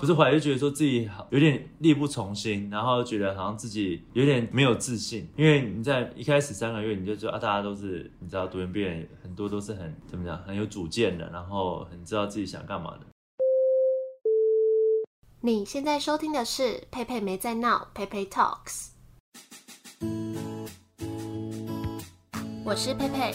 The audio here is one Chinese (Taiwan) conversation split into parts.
不是，懷疑就覺得說自己好有點力不從心，然後覺得好像自己有點沒有自信，因為你在一開始三個月你就知道啊，大家都是你知道，獨員畢業很多都是很怎麼講很有主見的，然後很知道自己想幹嘛的。你現在收聽的是佩佩沒在鬧，佩佩 talks，我是佩佩。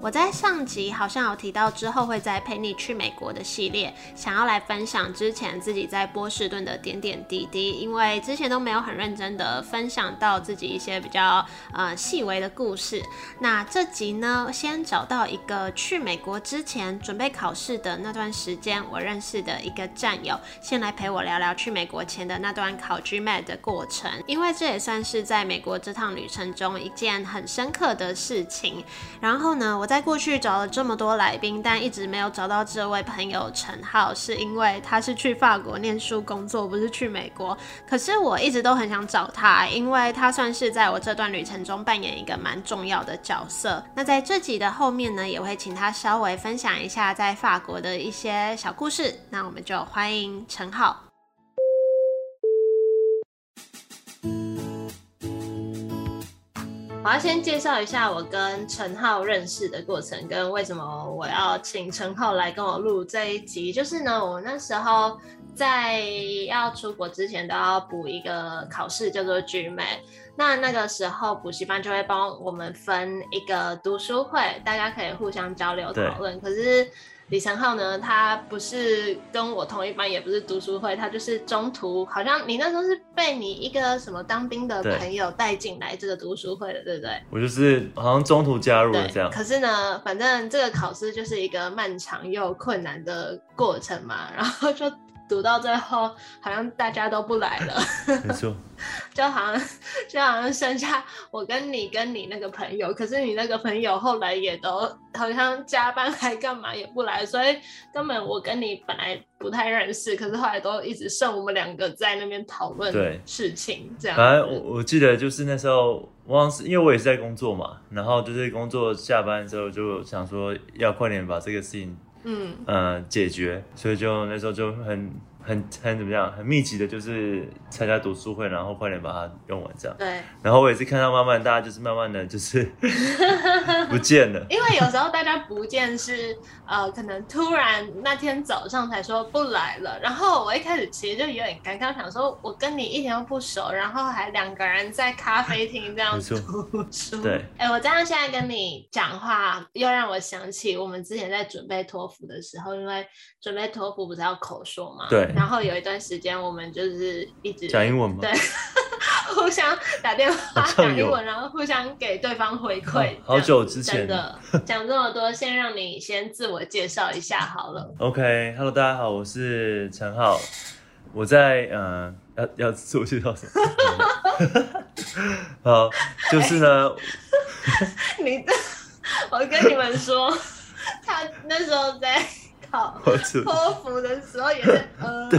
我在上集好像有提到，之後會再陪你去美國的系列，想要來分享之前自己在波士頓的點點滴滴，因為之前都沒有很認真的分享到自己一些比較呃細微的故事。那這集呢，先找到一個去美國之前準備考試的那段時間，我認識的一個戰友，先來陪我聊聊去美國前的那段考 GMAT 的過程，因為這也算是在美國這趟旅程中一件很深刻的事情。然後呢，我。在過去找了這麼多來賓，但一直沒有找到這位朋友承浩，是因為他是去法國唸書工作，不是去美國。可是我一直都很想找他，因為他算是在我這段旅程中扮演一個蠻重要的角色。那在這集的後面呢，也會請他稍微分享一下在法國的一些小故事。那我們就歡迎承浩。 我要先介紹一下我跟承浩認識的過程，跟為什麼我要請承浩來跟我錄這一集。就是呢，我那時候在要出國之前都要補一個考試，叫做 GMAT。那那個時候補習班就會幫我們分一個讀書會，大家可以互相交流討論。對可是。李承浩呢？他不是跟我同一班，也不是讀書會，他就是中途好像你那時候是被你一個什麼當兵的朋友帶進來這個讀書會的，對，對不對？我就是好像中途加入了這樣。可是呢，反正這個考試就是一個漫長又困難的過程嘛，然後就。讀到最後，好像大家都不來了，沒錯， 就好像就好像剩下我跟你跟你那個朋友，可是你那個朋友後來也都好像加班還幹嘛也不來，所以根本我跟你本來不太認識，可是後來都一直剩我們兩個在那邊討論事情對這樣。反正我我記得就是那時候，我是因為我也是在工作嘛，然後就是工作下班之後就想說要快點把這個事情。嗯，呃，解決，所以就，那時候就很。很很怎麼樣？很密集的，就是參加讀書會，然後快點把它用完，這樣。對。然後我也是看到慢慢大家就是慢慢的就是 不見了。因為有時候大家不見是呃，可能突然那天早上才說不來了。然後我一開始其實就有點尷尬，想說我跟你一點都不熟，然後還兩個人在咖啡廳這樣子。對。哎、欸，我這樣現在跟你講話，又讓我想起我們之前在準備托福的時候，因為準備托福不是要口說嘛？對。然後有一段時間，我們就是一直講英文嘛，對，互相打電話講英文，然後互相給對方回饋好。好久之前，真的講這麼多， 先讓你先自我介紹一下好了。OK，Hello，、okay, 大家好，我是承浩，我在嗯、呃，要要自我介紹什麼？ 好，就是呢，欸、 你，的，我跟你們說， 他那時候在。好，托福說的時候也是呃，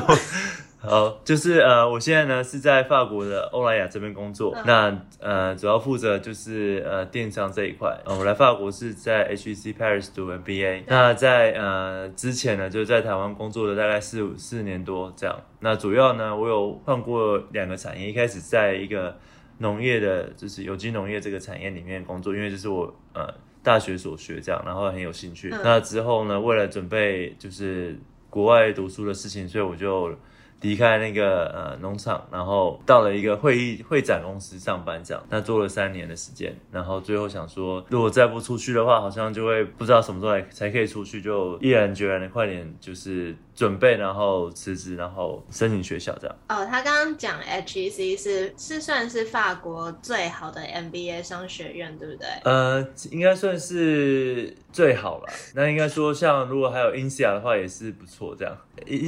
好，就是呃，我現在呢是在法國的歐萊雅這邊工作，嗯、那呃，主要負責就是呃電商這一塊、呃。我來法國是在 HEC Paris 讀 MBA 那在呃之前呢，就是在台灣工作了大概四五四年多這樣。那主要呢，我有換過兩個產業，一開始在一個農業的，就是有機農業這個產業裡面工作，因為就是我呃。大學所學這樣，然後很有興趣。嗯，那之後呢，為了準備就是國外讀書的事情，所以我就。離開那個呃農場，然後到了一個會議會展公司上班這樣，他做了三年的時間，然後最後想說，如果再不出去的話，好像就會不知道什麼時候才才可以出去，就毅然決然的快點就是準備，然後辭職，然後申請學校這樣。哦，他剛剛講 HEC 是是算是法國最好的 M B A 商學院，對不對？呃，應該算是最好了。 那應該說，像如果還有 INSEAD 的話，也是不錯。這樣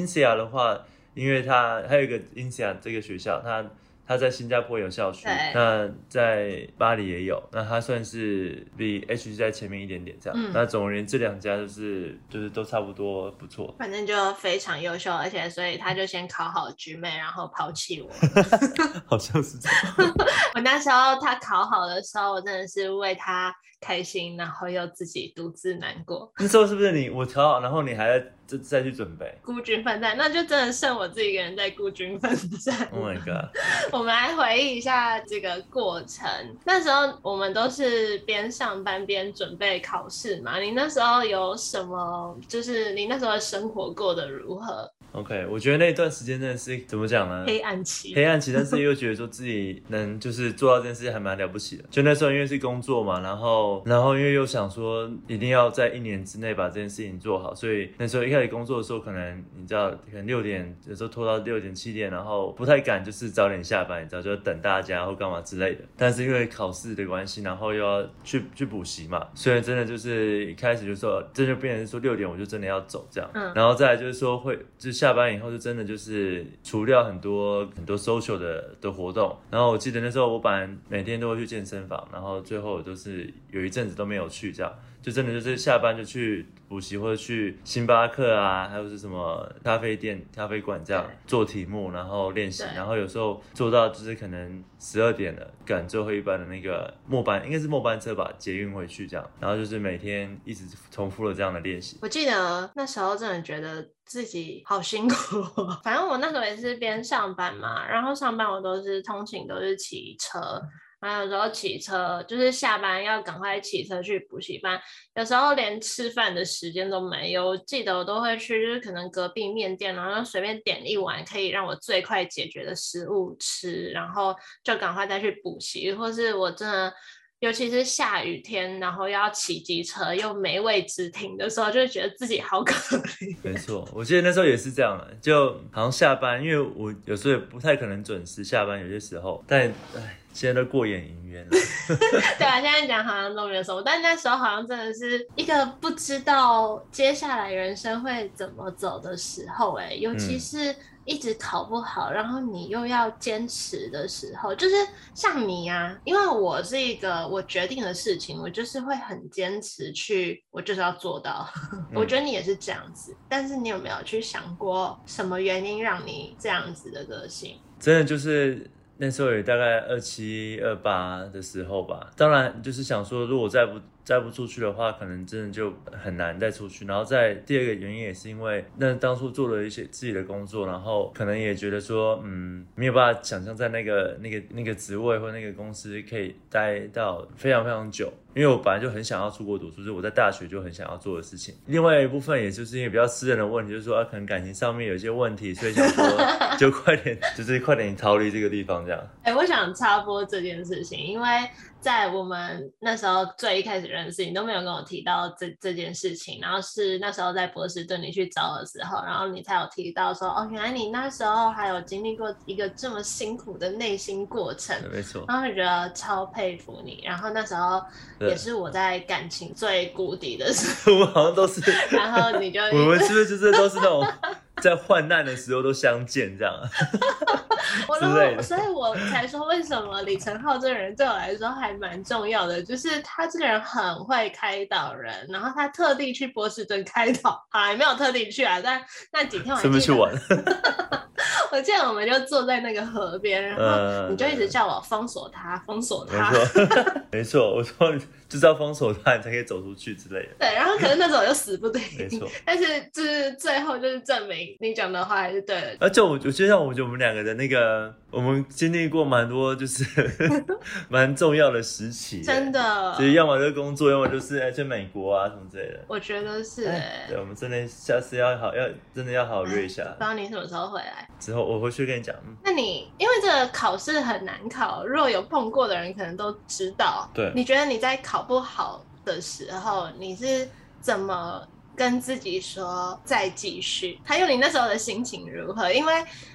INSEAD 的話，因為他還有一個 INSEAD 這個學校，他他在新加坡有校區，對那在巴黎也有，那他算是比 HEC 在前面一點點這樣。嗯、那總而言之，這兩家就是就是都差不多不錯。反正就非常優秀，而且所以他就先考好 GMAT 然後拋棄我。就是、 好像是這樣。 我那時候他考好的時候，我真的是為他開心，然後又自己獨自難過。那時候是不是你我考好，然後你還？再再去準備孤軍奮戰，那就真的剩我自己一個人在孤軍奮戰。Oh my God， 我們來回憶一下這個過程。那時候我們都是邊上班邊準備考試嘛。你那時候有什麼？就是你那時候的生活過得如何？OK，我覺得那一段時間真的是怎麼講呢？黑暗期，黑暗期，但是又覺得說自己能就是做到這件事情還蠻了不起的。 就那時候因為是工作嘛，然後然後因為又想說一定要在一年之內把這件事情做好，所以那時候一開始。在工作的時候，可能你知道，可能六點有時候拖到六點七點，然後不太敢，就是早點下班，你知道，就等大家或幹嘛之類的。但是因為考試的關係，然後又要去去補習嘛，所以真的就是一開始就說這就變成說六點我就真的要走這樣，然後再來就是說會就下班以後就真的就是除掉很多很多 social 的的活動。然後我記得那時候我本來每天都會去健身房，然後最後都是有一陣子都沒有去這樣。就真的就是下班就去補習或者去星巴克啊，還有是什麼咖啡店、咖啡館這樣對做題目，然後練習，對然後有時候做到就是可能十二點了，趕最後一班的那個末班，應該是末班車吧，捷運回去這樣，然後就是每天一直重複了這樣的練習。我記得那時候真的覺得自己好辛苦， 反正我那時候也是邊上班嘛，然後上班我都是通勤都是騎車。還有時候騎車，就是下班要趕快騎車去補習班，有時候連吃飯的時間都沒有。我記得我都會去，就是可能隔壁麵店，然後隨便點一碗可以讓我最快解決的食物吃，然後就趕快再去補習，或是我真的。尤其是下雨天，然後要騎機車又沒位置停的時候，就覺得自己好可憐。沒錯，我記得那時候也是這樣的，就好像下班，因為我有時候也不太可能準時下班，有些時候。但唉，現在都過眼雲煙了。對啊，現在講好像都沒有什麼，但那時候好像真的是一個不知道接下來人生會怎麼走的時候，欸，哎，尤其是，嗯。一直考不好，然後你又要堅持的時候，就是像你啊，因為我這個我決定的事情，我就是會很堅持去，我就是要做到。 嗯、我覺得你也是這樣子，但是你有沒有去想過什麼原因讓你這樣子的個性？真的就是。那時候也大概二七二八的時候吧，當然就是想說，如果再不再不出去的話，可能真的就很難再出去。然後在第二個原因也是因為，那當初做了一些自己的工作，然後可能也覺得說，嗯，沒有辦法想象在那個那個那個職位或那個公司可以待到非常非常久。因為我本來就很想要出國讀書，就是我在大學就很想要做的事情。另外一部分，也就是因為比較私人的問題，就是說，啊，可能感情上面有一些問題，所以想說，就快點， 就是快點逃離這個地方，這樣。哎、欸，我想插播這件事情，因為。在我們那時候最一開始認識，你都沒有跟我提到這這件事情。然後是那時候在波士頓你去找的時候，然後你才有提到說，哦，原來你那時候還有經歷過一個這麼辛苦的內心過程，沒錯。然後覺得超佩服你。然後那時候也是我在感情最谷底的時候，好像都是。然後你就 我們是不是就是都是那種。 在患難的時候都相見，這樣。 我然的後， 的所以我才說，為什麼李承浩這個人對我來說還蠻重要的，就是他這個人很會開導人，然後他特地去波士頓開導。啊，沒有特地去啊，但那幾天我去玩。哈哈哈哈哈。我記得我們就坐在那個河邊，然後你就一直叫我封鎖他，封鎖、嗯、他，沒錯錯， 我說你就是要封鎖他，你才可以走出去之類的。對，然後可是那時候我就死不對、嗯、但是就是最後就是證明你講的話還是對的。而且、啊、我我覺得，我覺得我們兩個的那個。我們經歷過蠻多，就是蠻 重要的時期，真的。所以要麼這個工作，要麼就是要去美國啊什麼之類的。我覺得是、欸。對，我們真的下次要好，要真的要好好約一下、欸。不知道你什麼時候回來？之後我回去跟你講。那你因為這個考試很難考，若有碰過的人可能都知道。對。你覺得你在考不好的時候，你是怎麼跟自己說再繼續？還有你那時候的心情如何？因為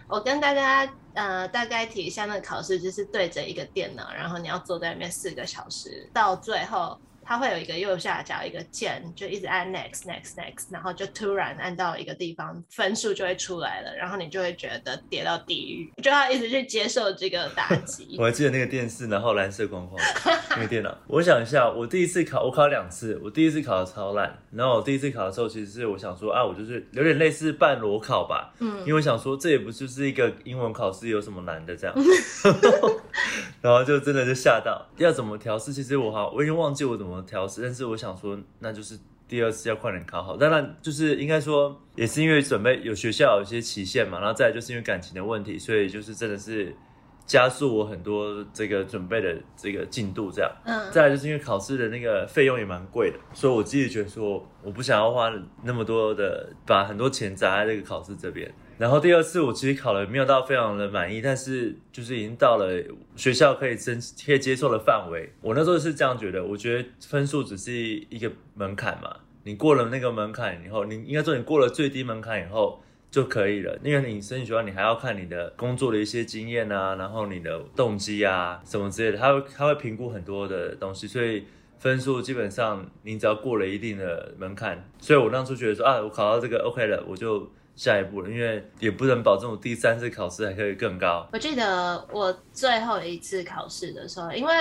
我跟大家。呃，大概提一下那個考試，就是對着一個電腦，然後你要坐在那邊四個小時，到最後。它會有一個右下角一個鍵，就一直按 next next next，然後就突然按到一個地方，分數就會出來了，然後你就會覺得跌到地獄，就要一直去接受這個打擊。 我還記得那個電視，然後藍色框框 那個電腦。我想一下，我第一次考，我考兩次，我第一次考的超爛。然後我第一次考的時候，其實是我想說啊，我就是有點類似半裸考吧，嗯，因為我想說這也不就是一個英文考試，有什麼難的這樣， 然後就真的就嚇到。要怎麼調試？其實我好，我已經忘記我怎麼。調試，但是我想說，那就是第二次要快點考好。當然，就是應該說，也是因為準備有學校有一些期限嘛，然後再來就是因為感情的問題，所以就是真的是加速我很多這個準備的這個進度，這樣。嗯。再來就是因為考試的那個費用也蠻貴的，所以我自己覺得說，我不想要花那麼多的，把很多錢砸在這個考試這邊。然後第二次我其實考了沒有到非常的滿意，但是就是已經到了學校可以接可以接受的範圍。我那時候是這樣覺得，我覺得分數只是一個門檻嘛，你過了那個門檻以後，你應該說你過了最低門檻以後就可以了，因為你申請學校你還要看你的工作的一些經驗啊，然後你的動機啊什麼之類的，他會他會評估很多的東西，所以分數基本上你只要過了一定的門檻，所以我當初覺得說啊，我考到這個 OK 了，我就。下一步了，因為也不能保證我第三次考試還可以更高。我記得我最後一次考試的時候，因為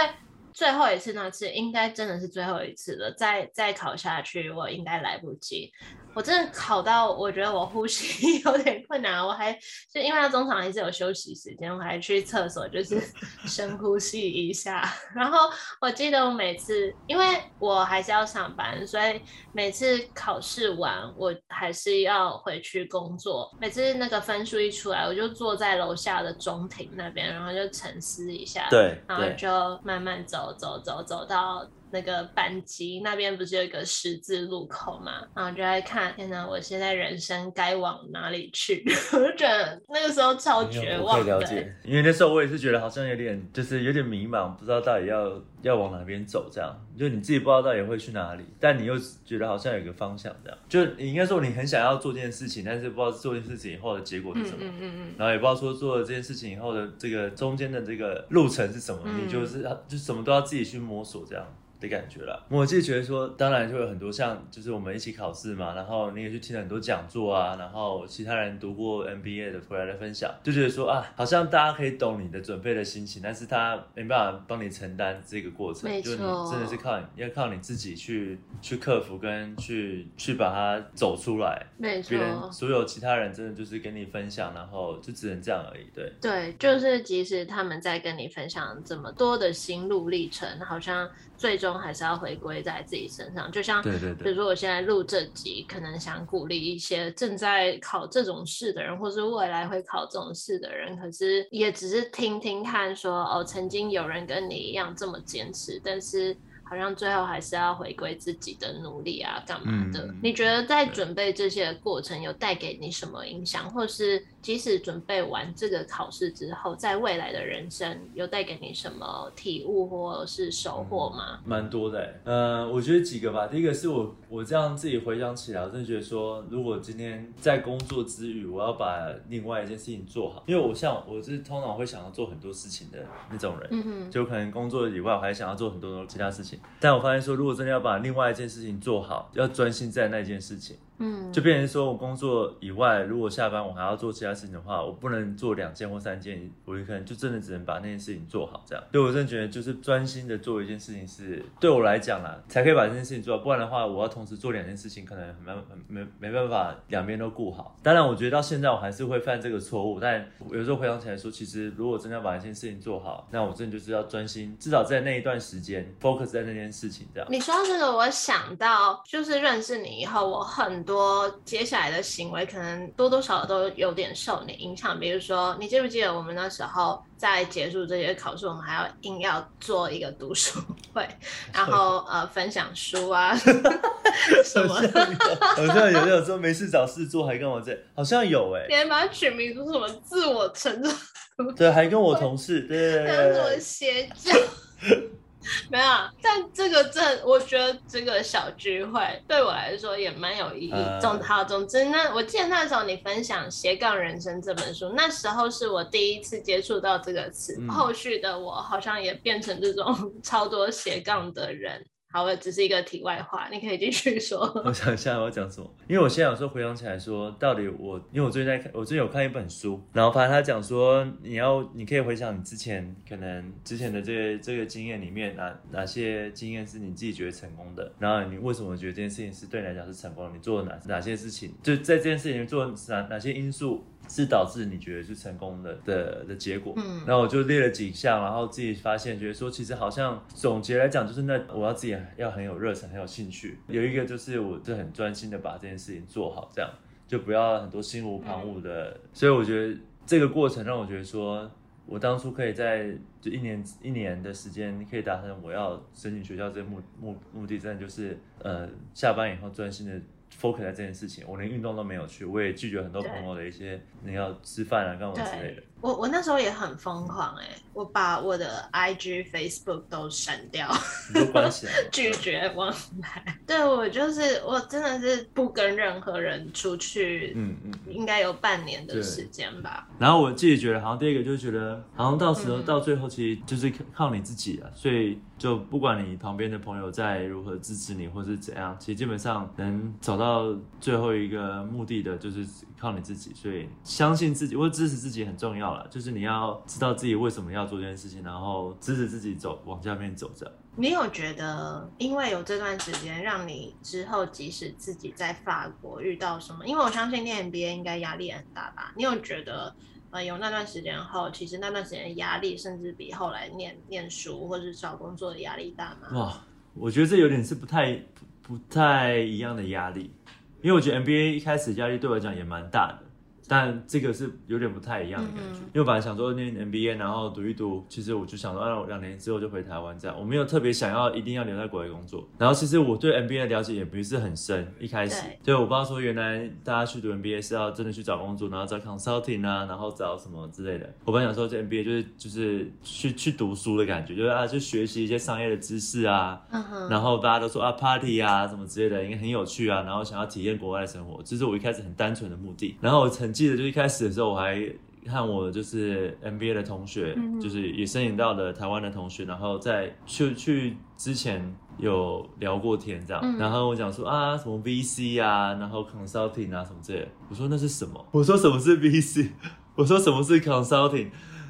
最後一次那次應該真的是最後一次了，再再考下去我應該來不及。我真的考到，我覺得我呼吸有點困難，我還就因為他中場還是有休息時間，我還去廁所就是深呼吸一下。 然後我記得我每次，因為我還是要上班，所以每次考試完我還是要回去工作。每次那個分數一出來，我就坐在樓下的中庭那邊，然後就沉思一下，對，然後就慢慢走對走走走到。那個班級那邊不是有一個十字路口嗎？然後就在看，天吶，我現在人生該往哪裡去？ 我就覺得那個時候超絕望的。可以了解。因為那時候我也是覺得好像有點，就是有點迷茫，不知道到底要要往哪邊走，這樣，就你自己不知道到底會去哪裡，但你又覺得好像有個方向，這樣，就你應該說你很想要做這件事情，但是不知道做這件事情以後的結果是什麼，嗯嗯，嗯嗯嗯，然後也不知道說做了這件事情以後的這個中間的這個路程是什麼，嗯、你就是就什麼都要自己去摸索這樣的感覺了。我自己覺得說，當然就有很多像，就是我們一起考試嘛，然後你也去聽了很多講座啊，然後其他人讀過 MBA 的回來的分享，就覺得說啊，好像大家可以懂你的準備的心情，但是他沒辦法幫你承擔這個過程，沒錯，就是你真的是靠你，要靠你自己去去克服跟去去把它走出來。沒錯，別人所有其他人真的就是跟你分享，然後就只能這樣而已，對。對，就是即使他們在跟你分享這麼多的心路歷程，好像最終。中還是要回歸在自己身上，就像，對對對，比如說我現在錄這集，可能想鼓勵一些正在考這種試的人，或是未來會考這種試的人，可是也只是聽聽看說，說哦，曾經有人跟你一樣這麼堅持，但是好像最後還是要回歸自己的努力啊，幹嘛的。嗯，你覺得在準備這些過程有帶給你什麼影響，對或是？即使準備完這個考試之後，在未來的人生有帶給你什麼體悟或是收穫嗎？嗯，蠻多的欸，嗯，呃，我覺得幾個吧。第一個是我，我這樣自己回想起來，我真的覺得說，如果今天在工作之餘，我要把另外一件事情做好，因為我像我是通常會想要做很多事情的那種人，嗯哼，就可能工作以外我還想要做很多其他事情，但我發現說，如果真的要把另外一件事情做好，要專心在那件事情。嗯，就變成說我工作以外，如果下班我還要做其他事情的話，我不能做兩件或三件，我就可能就真的只能把那件事情做好。這樣，所以我真的覺得就是專心的做一件事情是對我來講啦，才可以把這件事情做好。不然的話，我要同時做兩件事情，可能沒沒沒辦法兩邊都顧好。當然，我覺得到現在我還是會犯這個錯誤，但有時候回想起來說，其實如果真的要把一件事情做好，那我真的就是要專心，至少在那一段時間 focus 在那件事情這樣。你說這個，我想到就是認識你以後，我很。多接下來的行為可能多多少少都有點受你影響，比如說，你記不記得我們那時候在結束這些考試，我們還要硬要做一個讀書會，然後呃 分享書啊什麼，好像有沒 有說沒事找事做還跟我這，好像有哎、欸，你還把它取名做什麼自我成長？對， 還跟我同事對，跟什麼邪教？沒有，但這個這，我覺得這個小聚會對我來說也蠻有意義。總好、嗯，總之那，那我記得那時候你分享《斜槓人生》這本書，那時候是我第一次接觸到這個詞。嗯、後續的我好像也變成這種超多斜槓的人。好，我只是一個題外話，你可以繼續說。我想一下我要講什麼，因為我現在有時候回想起來說，說到底我，因為我最近在看，我最近有看一本書，然後發現他講說，你要你可以回想你之前可能之前的這個、這個經驗裡面哪哪些經驗是你自己覺得成功的，然後你為什麼覺得這件事情是對你來講是成功的？你做了哪哪些事情？就在這件事情裡面做了哪哪些因素？是導致你覺得是成功的的的結果，嗯，然後我就列了幾項，然後自己發現，覺得說其實好像總結來講，就是那我要自己要很有熱忱，很有興趣。有一個就是我就很專心的把這件事情做好，這樣就不要很多心無旁騖的。嗯，所以我覺得這個過程讓我覺得說我當初可以在就一年一年的時間可以達成我要申請學校這個目目目的，真的就是呃下班以後專心的。focus 在這件事情，我連運動都沒有去，我也拒絕很多朋友的一些對你要吃飯啊、幹嘛之類的。我我那時候也很瘋狂哎、欸，我把我的 IG、Facebook 都刪掉，啊、 拒絕往來。 對，我就是我真的是不跟任何人出去，嗯嗯，應該有半年的時間吧、嗯嗯。然後我自己覺得，好像第一個就是覺得，好像到時候到最後，其實就是靠你自己了、啊。嗯、所以就不管你旁邊的朋友在如何支持你，或是怎樣，其實基本上能找到。到最後一個目的的就是靠你自己，所以相信自己，或支持自己很重要啦。就是你要知道自己為什麼要做這件事情，然後支持自己走往下面走着。你有覺得，因為有這段時間，讓你之後即使自己在法國遇到什麼，因為我相信念 MBA 應該壓力很大吧？你有覺得，呃，有那段時間後，其實那段時間的壓力甚至比後來念念書或者找工作的壓力大嗎？哇、哦，我覺得這有點是不太。不太一樣的壓力，因為我覺得 MBA 一開始壓力對我來講也蠻大的。但這個是有點不太一樣的感覺，嗯、哼因為我本來想說念 MBA，然後讀一讀，其實我就想說，啊，我兩年之後就回台灣這樣，我沒有特別想要一定要留在國外工作。然後其實我對 MBA 的了解也不是很深，一開始，對，對，我不知道說原來大家去讀 MBA 是要真的去找工作，然後找 consulting 啊，然後找什麼之類的。我本來想說，這 MBA 就是就是去去讀書的感覺，就是啊，就學習一些商業的知識啊，嗯、哼然後大家都說啊，party 啊什麼之類的，應該很有趣啊，然後想要體驗國外的生活，這、就是我一開始很單純的目的。然後我曾記得就一開始的時候，我還看我就是 MBA 的同學，嗯、哼就是也申請到了台灣的同學，然後在去去之前有聊過天這樣，嗯、哼然後他跟我講說啊什麼 VC 啊，然後 consulting 啊什麼之類，我說那是什麼？我說什麼是 VC？我說什麼是 consulting？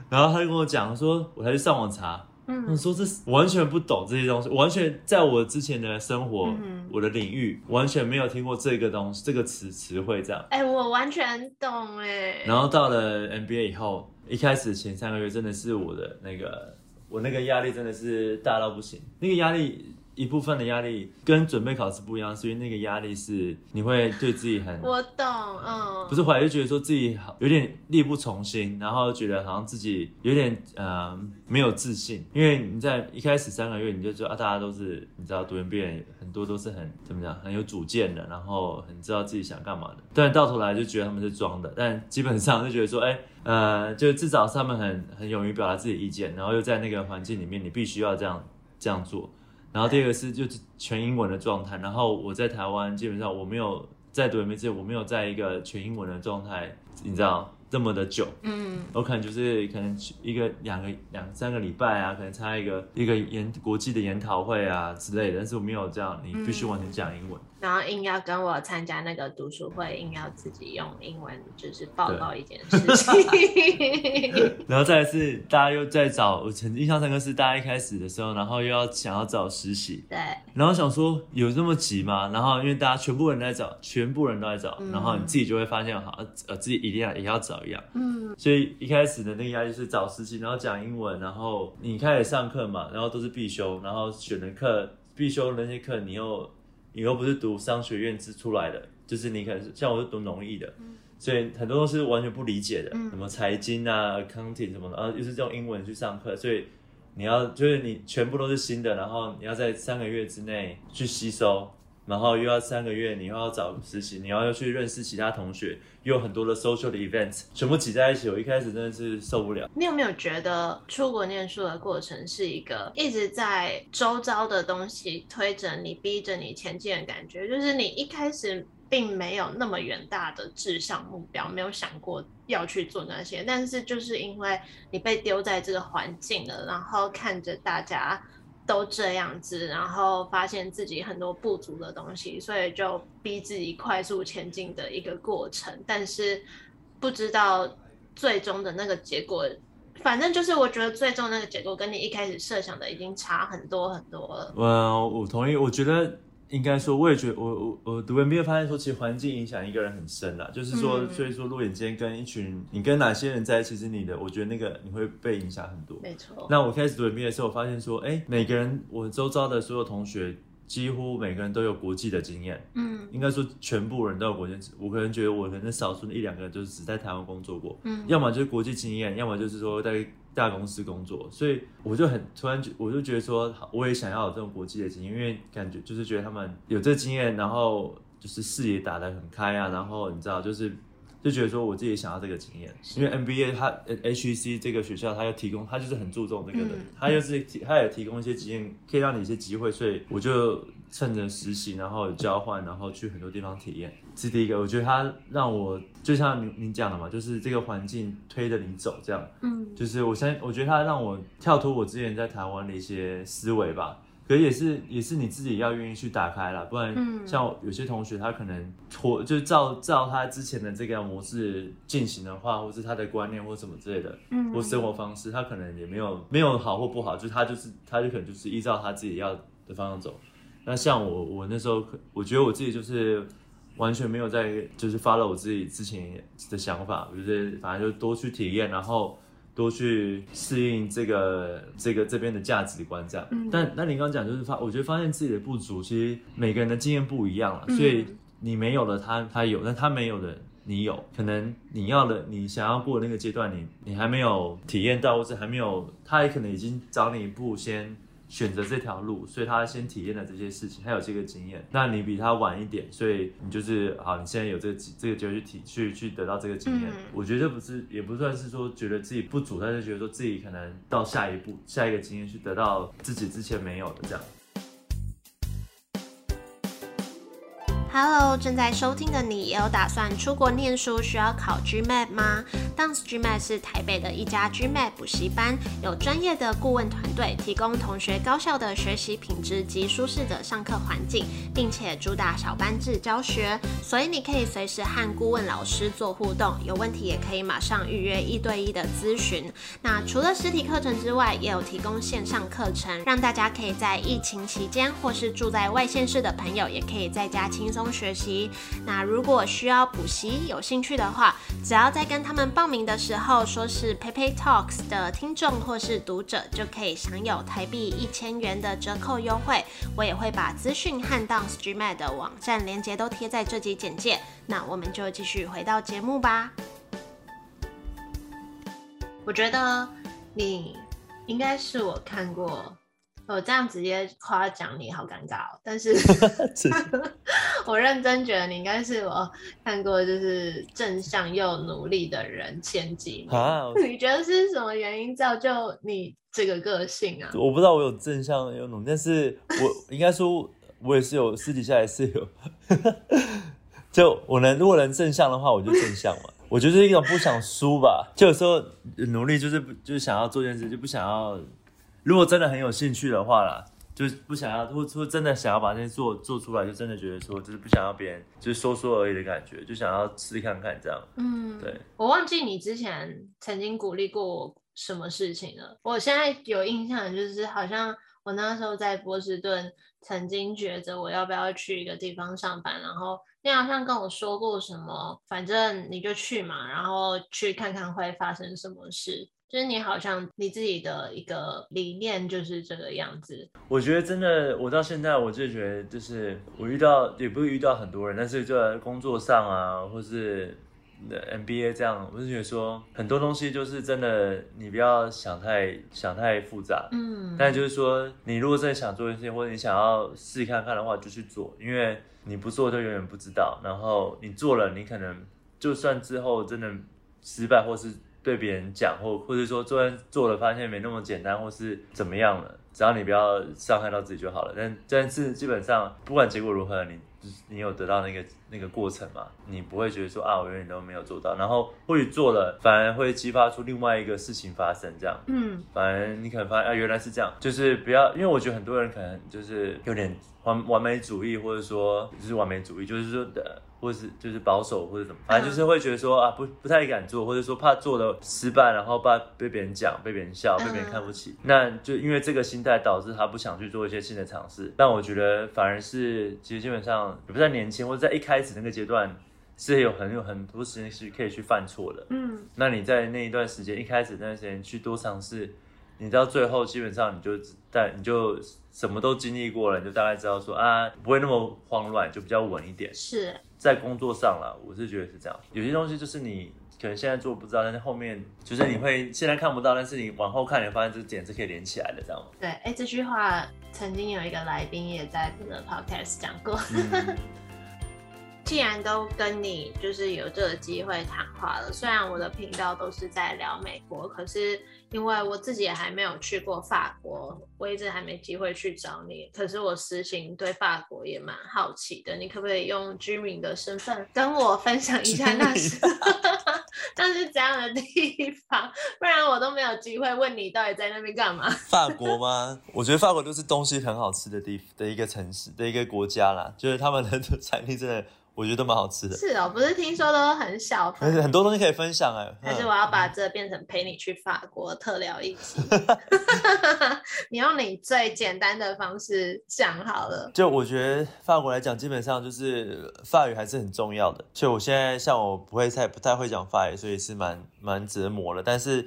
然後他就跟我講說，我還去上網查。嗯，說這完全不懂這些東西，完全在我之前的生活，嗯哼，我的領域完全沒有聽過這個東西，這個詞詞彙這樣。哎、欸，我完全懂哎、欸。然後到了 MBA 以後，一開始前三個月真的是我的那個，我那個壓力真的是大到不行，那個壓力。一部分的壓力跟準備考試不一樣，所以那個壓力是你會對自己很， 我懂，嗯，不是懷疑，就覺得說自己好有點力不從心，然後覺得好像自己有點嗯、呃、沒有自信，因為你在一開始三個月你就知道啊，大家都是你知道，讀研畢業很多都是很怎麼講，很有主見的，然後很知道自己想幹嘛的，但到頭來就覺得他們是裝的，但基本上就覺得說，哎、欸，呃，就至少他們很很勇於表達自己意見，然後又在那個環境裡面，你必須要這樣這樣做。然後第二個是就是全英文的狀態。然後我在台灣，基本上我沒有在讀美資，我沒有在一個全英文的狀態，你知道。嗯這麼的久，嗯，我可能就是可能一個兩個兩三個禮拜啊，可能參加一個一個研國際的研討會啊之類的，但是我沒有這樣，你必須完全講英文，嗯，然後硬要跟我參加那個讀書會，硬要自己用英文就是報告一件事情，對 然後再是大家又在找我，曾經印象深刻是大家一開始的時候，然後又要想要找實習，對，然後想說有這麼急嗎？然後因為大家全部人在找，全部人都在找，嗯、然後你自己就會發現好，呃，自己一定要也要找。嗯，所以一開始的那個呀，就是找事情，然後講英文，然後你開始上課嘛，然後都是必修，然後選的課，必修的那些課你又你又不是讀商學院之出來的，就是你開始像我是讀農藝的，所以很多都是完全不理解的，嗯，什麼財經啊、accounting 什麼的，啊，又是用英文去上課，所以你要就是你全部都是新的，然後你要在三個月之內去吸收。然後又要三個月，你又要找實習，你又要去認識其他同學，又有很多的 social 的 events，全部擠在一起，我一開始真的是受不了。你有沒有覺得出國念書的過程是一個一直在周遭的東西推着你、逼着你前進的感覺？就是你一開始並沒有那麼遠大的志向目標，沒有想過要去做那些，但是就是因為你被丟在這個環境了，然後看着大家。都這樣子，然後發現自己很多不足的東西，所以就逼自己快速前進的一個過程。但是不知道最終的那個結果，反正就是我覺得最終那個結果跟你一開始設想的已經差很多很多了。嗯，wow，我同意，我覺得。應該說，我也覺得，我我我讀完 b a 發現說，其實環境影響一個人很深啦。嗯、就是說，所以說路演今跟一群，你跟哪些人在一起，是你的，我覺得那個你會被影響很多。沒錯錯。那我開始讀完 b a 的時候，我發現說，哎、欸，每個人我周遭的所有同學，幾乎每個人都有國際的經驗。嗯。應該說，全部人都有國際，我可能覺得我可能少數一兩個人就是只在台灣工作過。嗯。要麼就是國際經驗，要麼就是說在。大公司工作，所以我就很突然就，我就覺得說，我也想要有這種國際的經驗，因為感覺就是覺得他們有這經驗，然後就是視野打得很開啊，然後你知道，就是就覺得說我自己想要這個經驗，是因為 MBA 它 HEC 這個學校它要提供，它就是很注重這個的，它又、嗯就是它也提供一些經驗，可以讓你一些機會，所以我就。趁着實習，然後交換，然後去很多地方體驗，這是第一個。我覺得他讓我就像您您講的嘛，就是這個環境推着你走這樣。嗯，就是我相，我覺得他讓我跳脫我之前在台灣的一些思維吧。可也是也是你自己要願意去打開啦，不然像有些同學他可能脫，就是照照他之前的這個模式進行的話，或是他的觀念或什麼之類的，嗯，或生活方式，他可能也沒有沒有好或不好，就他就是他就可能就是依照他自己要的方向走。那像我，我那時候，我覺得我自己就是完全沒有在，就是 follow 我自己之前的想法，就是反正就多去體驗，然後多去適應這個這個這邊的價值觀這樣。嗯。但那你剛剛講就是發，我覺得發現自己的不足，其實每個人的經驗不一樣了，所以你沒有的他他有，但他沒有的你有可能你要的你想要過那個階段，你你還沒有體驗到，或者還沒有，他也可能已經早你一步先。選擇這條路，所以他先體驗了這些事情，他有這個經驗。那你比他晚一點，所以你就是好，你現在有這個這個機會去體去去得到這個經驗。嗯、我覺得不是，也不算是說覺得自己不足，但是覺得說自己可能到下一步，下一個經驗去得到自己之前沒有的這樣。Hello，正在收聽的你也有打算出國念書，需要考 GMAT 嗎？Donz GMAT 是台北的一家 GMAT 補習班，有專業的顧問團隊提供同學高效的學習品質及舒適的上課環境，並且主打小班制教學，所以你可以隨時和顧問老師做互動，有問題也可以馬上預約一對一的諮詢。那除了實體課程之外，也有提供線上課程，讓大家可以在疫情期間或是住在外縣市的朋友，也可以在家輕鬆。學習。那如果需要補習，有興趣的話，只要在跟他們報名的時候說是 PeiPeiTalks 的聽眾或是讀者，就可以享有台幣一千元的折扣優惠。我也會把資訊和 Donz GMAT 的網站鏈接都貼在這集簡介。那我們就繼續回到節目吧。我覺得你應該是我看過。我這樣直接誇獎你好尷尬，喔，但是， 是 我認真覺得你應該是我看過就是正向又努力的人前幾名。啊、你覺得是什麼原因，造就你這個個性啊？我不知道我有正向又努力，但是我應該說我也是有私底下也是有， 就我能如果能正向的話，我就正向嘛。 我就是一種不想輸吧，就有時候努力就是就是想要做件事，就不想要。如果真的很有興趣的話啦，就不想要，突出，真的想要把那些做做出來，就真的覺得說，就是不想要別人就是說說而已的感覺，就想要試看看這樣。嗯，對。我忘記你之前曾經鼓勵過我什麼事情了，我現在有印象，就是好像我那時候在波士頓，曾經覺得我要不要去一個地方上班，然後你好像跟我說過什麼，反正你就去嘛，然後去看看會發生什麼事。就是你好像你自己的一個理念就是這個樣子。我覺得真的，我到現在我就覺得，就是我遇到也不會遇到很多人，但是就在工作上啊，或是 MBA 這樣，我就覺得說很多東西就是真的，你不要想太想太複雜，嗯。但就是說，你如果真的想做一些，或者你想要試看看的話，就去做，因為你不做就永遠不知道。然後你做了，你可能就算之後真的失敗，或是。對別人講，或或者說做完做了發現沒那麼簡單，或是怎麼樣了，只要你不要傷害到自己就好了。但但是基本上不管結果如何，你你有得到那個。那個過程嘛，你不會覺得說啊，我永遠都沒有做到。然後或許做了，反而會激發出另外一個事情發生，這樣。嗯，反而你可能發現啊，原來是這樣，就是不要，因為我覺得很多人可能就是有點完完美主義，或者說就是完美主義，就是說的，或者是就是保守或者怎麼，反正就是會覺得說啊，不不太敢做，或者說怕做了失敗，然後怕被別人講、被別人笑、被別人看不起。嗯啊、那就因為這個心態導致他不想去做一些新的嘗試。但我覺得反而是其實基本上也不在年輕，或者在一開。開始那個階段是有很有很多時間是可以去犯錯的，嗯，那你在那一段時間，一開始那段時間去多嘗試，你到最後基本上你就但你就什麼都經歷過了，你就大概知道說啊不會那麼慌亂，就比較穩一點。是在工作上啦，我是覺得是這樣，有些東西就是你可能現在做不知道，但是後面就是你會現在看不到，但是你往後看，你會發現這點是可以連起來的，這樣對，哎、欸，這句話曾經有一個來賓也在這個 podcast 講過。嗯既然都跟你就是有這個機會談話了，雖然我的頻道都是在聊美國，可是因為我自己也還沒有去過法國，我一直還沒機會去找你。可是我私心對法國也蠻好奇的，你可不可以用居民的身份跟我分享一下那時是你 那是怎樣的地方？不然我都沒有機會問你到底在那邊幹嘛。法國嗎？我覺得法國都是東西很好吃的地的一個城市的一個國家啦，就是他們的產品真的。我覺得蠻好吃的。是哦，不是聽說都很小，很多東西可以分享哎、欸。但、嗯、是我要把這變成陪你去法國特聊一次。 你用你最簡單的方式講好了。就我覺得法國來講，基本上就是法語還是很重要的。所以我現在像我不會太不太會講法語，所以是蠻蠻折磨的。但是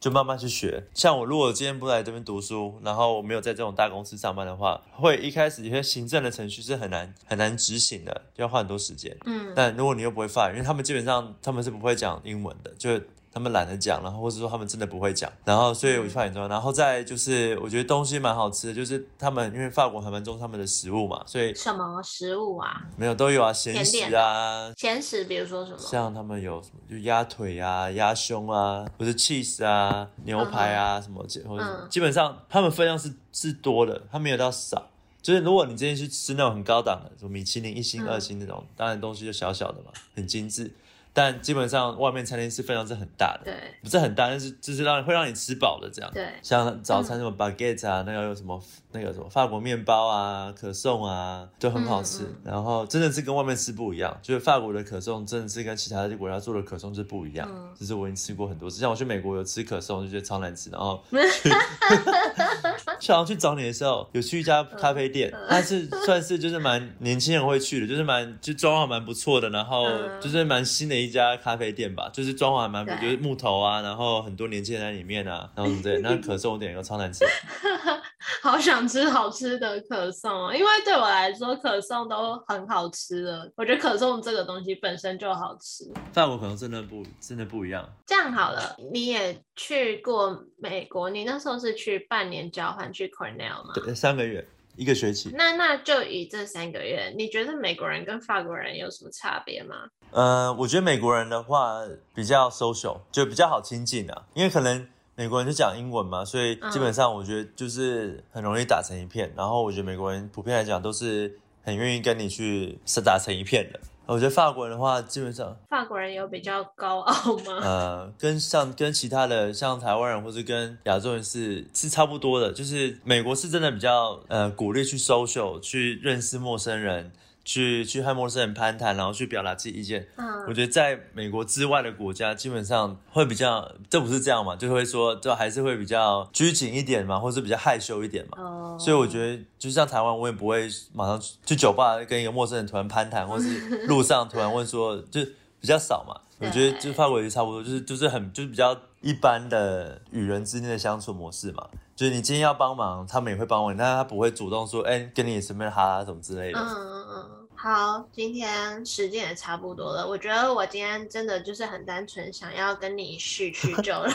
就慢慢去學。像我如果今天不來這邊讀書，然後我沒有在這種大公司上班的話，會一開始一些行政的程序是很難很難執行的，要花很多時間。嗯，但如果你又不會法語，因為他們基本上他們是不會講英文的，就。他們懶得講，然後或者說他們真的不會講，然後所以我就發現，然後再就是我覺得東西蠻好吃的，就是他們因為法國還蠻重他們的食物嘛，所以什麼食物啊？沒有都有啊，鹹食啊，鹹食，比如說什麼？像他們有什麼就鴨腿啊、鴨胸啊，或者 cheese 啊、牛排啊、嗯、什麼，或者什麼、嗯、基本上他們分量是是多的，他沒有到少，就是如果你今天去吃那種很高檔的，什麼米其林一星、嗯、二星那種，當然東西就小小的嘛，很精致。但基本上外面餐廳是分量是很大的，對，不是很大，但是就是讓會讓你吃飽的這樣。對，像早餐什麼 baguette 啊、嗯那麼，那個有什麼那個什麼法國麵包啊，可頌啊，就很好吃。嗯嗯、然後真的是跟外面吃不一樣，就是法國的可頌真的是跟其他國家做的可頌是不一樣。就、嗯、是我已經吃過很多次，像我去美國有吃可頌，我就覺得超難吃。然後去去 去找你的時候，有去一家咖啡店，它、嗯嗯、是算是就是蠻年輕人會去的，就是蠻就裝潢蠻不錯的，然後就是蠻新的。一家咖啡店吧，就是裝潢嘛，比如木頭啊，然後很多年輕人在裡面啊，然後對，那可頌點又超難吃， 好想吃好吃的可頌。因為對我來說可頌都很好吃的，我覺得可頌這個東西本身就好吃，但我可能真的不真的不一樣。這樣好了，你也去過美國，你那時候是去半年交換去 Cornell 嗎？對，三個月。一個學期，那那就以這三個月，你覺得美國人跟法國人有什麼差別嗎？呃，我覺得美國人的話比較 social，就比較好親近啊，因為可能美國人就講英文嘛，所以基本上我覺得就是很容易打成一片。嗯，然後我覺得美國人普遍來講都是很願意跟你去是打成一片的。我覺得法國人的話，基本上法國人有比較高傲嗎？呃，跟像跟其他的像台灣人或是跟亞洲人是是差不多的，就是美國是真的比較呃鼓勵去 social，去認識陌生人。去去和陌生人攀談，然後去表達自己意見。嗯，uh. 我覺得在美國之外的國家，基本上會比較，這不是這樣嘛？就是會說，就還是會比較拘謹一點嘛，或是比較害羞一點嘛。Oh. 所以我覺得就像台灣，我也不會馬上去酒吧跟一個陌生人突然攀談， 或是路上突然問說， 就比較少嘛。我覺得就法國也差不多，就是，就是就是很就是比較一般的與人之間的相處模式嘛。就是你今天要幫忙，他們也會幫我，但他不會主動說，哎、欸，跟你隨便哈、啊、什麼之類的。嗯嗯嗯。Uh. 好，今天時間也差不多了。我覺得我今天真的就是很單純，想要跟你敘敘舊了，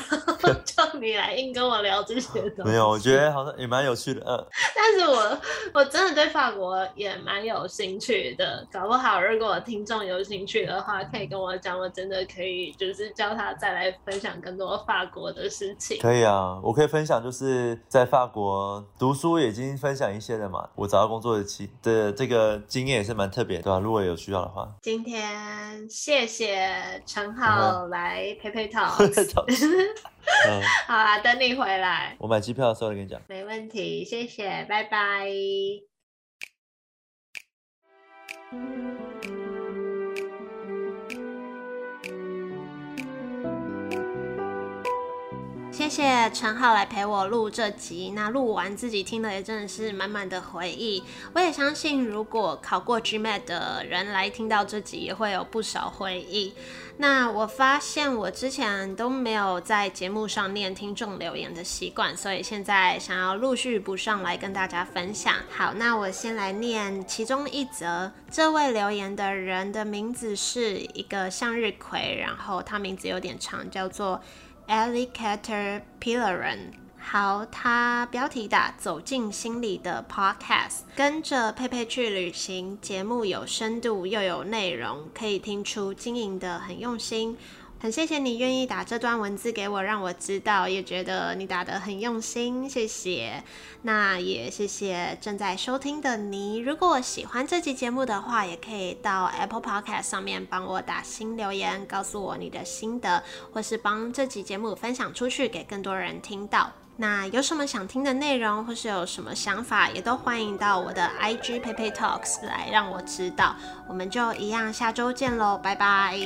叫 你來硬跟我聊這些東西。沒有，我覺得好像也蠻有趣的。嗯，但是我我真的對法國也蠻有興趣的。搞不好如果聽眾有興趣的話，可以跟我講，我真的可以就是叫他再來分享更多法國的事情。可以啊，我可以分享就是在法國讀書已經分享一些了嘛。我找到工作的期，的這個經驗也是蠻。特別對吧？啊，如果有需要的話，今天謝謝承浩來 PeiPeiTalks。 嗯、 好啊，等你回來。我買機票的時候再跟你講。沒問題，謝謝，拜拜。嗯謝謝承浩來陪我錄這集，那錄完自己聽的，也真的是滿滿的回憶。我也相信，如果考過 GMAT 的人來聽到這集，也會有不少回憶。那我發現我之前都沒有在節目上念聽眾留言的習慣，所以現在想要陸續補上來跟大家分享。好，那我先來念其中一則，這位留言的人的名字是一個向日葵，然後他名字有點長，叫做，a l l i c a t o r Pillarin，好，它標題打走進心裡的 Podcast，跟着佩佩去旅行，節目有深度又有內容，可以聽出經營得很用心。很謝謝你願意打這段文字給我，讓我知道，也覺得你打得很用心，謝謝。那也謝謝正在收聽的你。如果我喜歡這集節目的話，也可以到 Apple Podcast 上面幫我打新留言，告訴我你的心得，或是幫這集節目分享出去給更多人聽到。那有什麼想聽的內容，或是有什麼想法，也都歡迎到我的 IG PeiPeiTalks 來讓我知道。我們就一樣，下周見嘍，拜拜。